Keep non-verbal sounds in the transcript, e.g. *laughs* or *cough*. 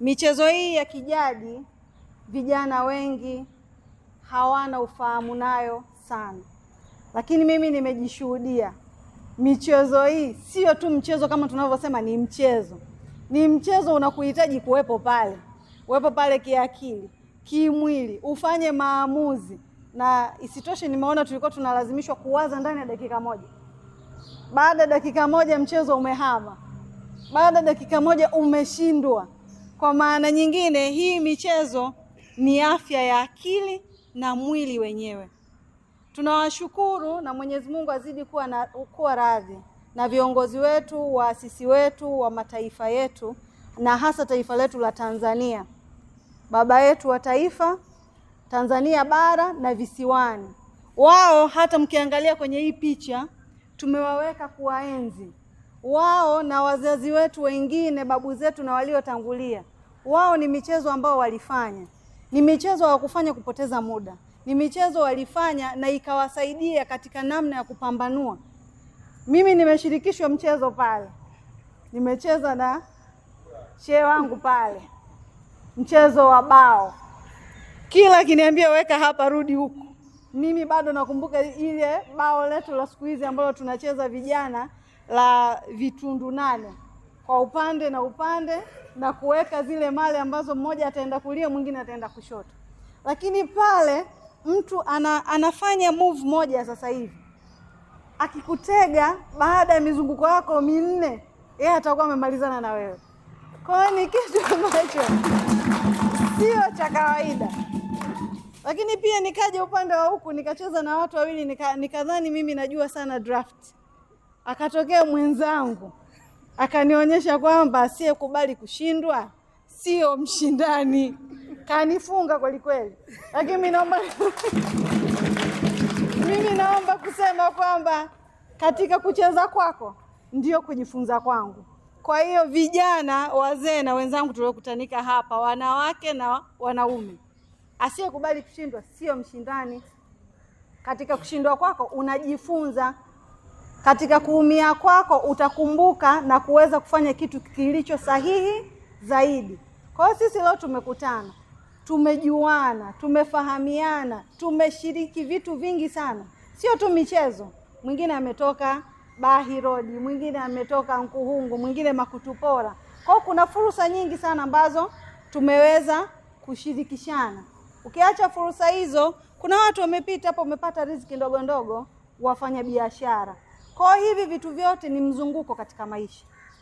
Michezo hii ya kijadi vijana wengi hawana ufahamu nayo sana, lakini mimi nimejishuhudia michezo hii sio tu mchezo kama tunavyosema, ni mchezo, ni mchezo unakuhitaji kuwepo pale, uwepo pale kiakili, kimwili, ufanye maamuzi. Na isitoshe, nimeona tulikuwa tunalazimishwa kuwaza ndani ya dakika moja. Baada ya dakika moja mchezo umehama, baada ya dakika moja umeshindwa. Kwa maana nyingine, hii michezo ni afya ya akili na mwili wenyewe. Tunawashukuru na Mwenyezi Mungu azidi kuwa na kuwa radhi na viongozi wetu, waasisi wetu wa mataifa yetu na hasa taifa letu la Tanzania, baba yetu wa taifa Tanzania bara na visiwani. Wao hata mkiangalia kwenye hii picha tumewaweka kuwaenzi wao na wazazi wetu wengine, babu zetu na waliotangulia wao ni michezo ambao walifanya, ni michezo kufanya kupoteza muda, ni michezo walifanya na ikawasaidia katika namna ya kupambanua. Mimi nimeshirikishwa mchezo pale, nimecheza na shee wangu pale, mchezo wa bao, kila kiniambia weka hapa, rudi huku. Mimi bado nakumbuka ile bao letu la siku hizi ambalo tunacheza vijana la vitundu nane kwa upande na upande na kuweka zile mali ambazo mmoja ataenda kulia, mwingine ataenda kushoto. Lakini pale mtu ana, anafanya move moja sasa hivi akikutega baada ya mizunguko yako minne, yeye atakuwa amemalizana na wewe. Kwa hiyo ni kitu *laughs* ambacho sio cha kawaida. Lakini pia nikaja upande wa huku nikacheza na watu wawili, nikadhani nika mimi najua sana draft, akatokea mwenzangu akanionyesha kwamba asiyekubali kushindwa sio mshindani. Kanifunga kweli kweli, lakini naomba *laughs* mimi naomba kusema kwamba katika kucheza kwako ndio kujifunza kwangu. Kwa hiyo vijana, wazee na wenzangu tuliokutanika hapa, wanawake na wanaume, asiyekubali kushindwa sio mshindani. Katika kushindwa kwako unajifunza. Katika kuumia kwako utakumbuka na kuweza kufanya kitu kilicho sahihi zaidi. Kwa hiyo sisi leo tumekutana, tumejuana, tumefahamiana, tumeshiriki vitu vingi sana, sio tu michezo. Mwingine ametoka Bahi Road, mwingine ametoka Nkuhungu, mwingine Makutupora. Kwa hiyo kuna fursa nyingi sana ambazo tumeweza kushirikishana. Ukiacha fursa hizo, kuna watu wamepita hapo, wamepata riziki ndogo ndogo, wafanya biashara kwa hivi vitu vyote ni mzunguko katika maisha.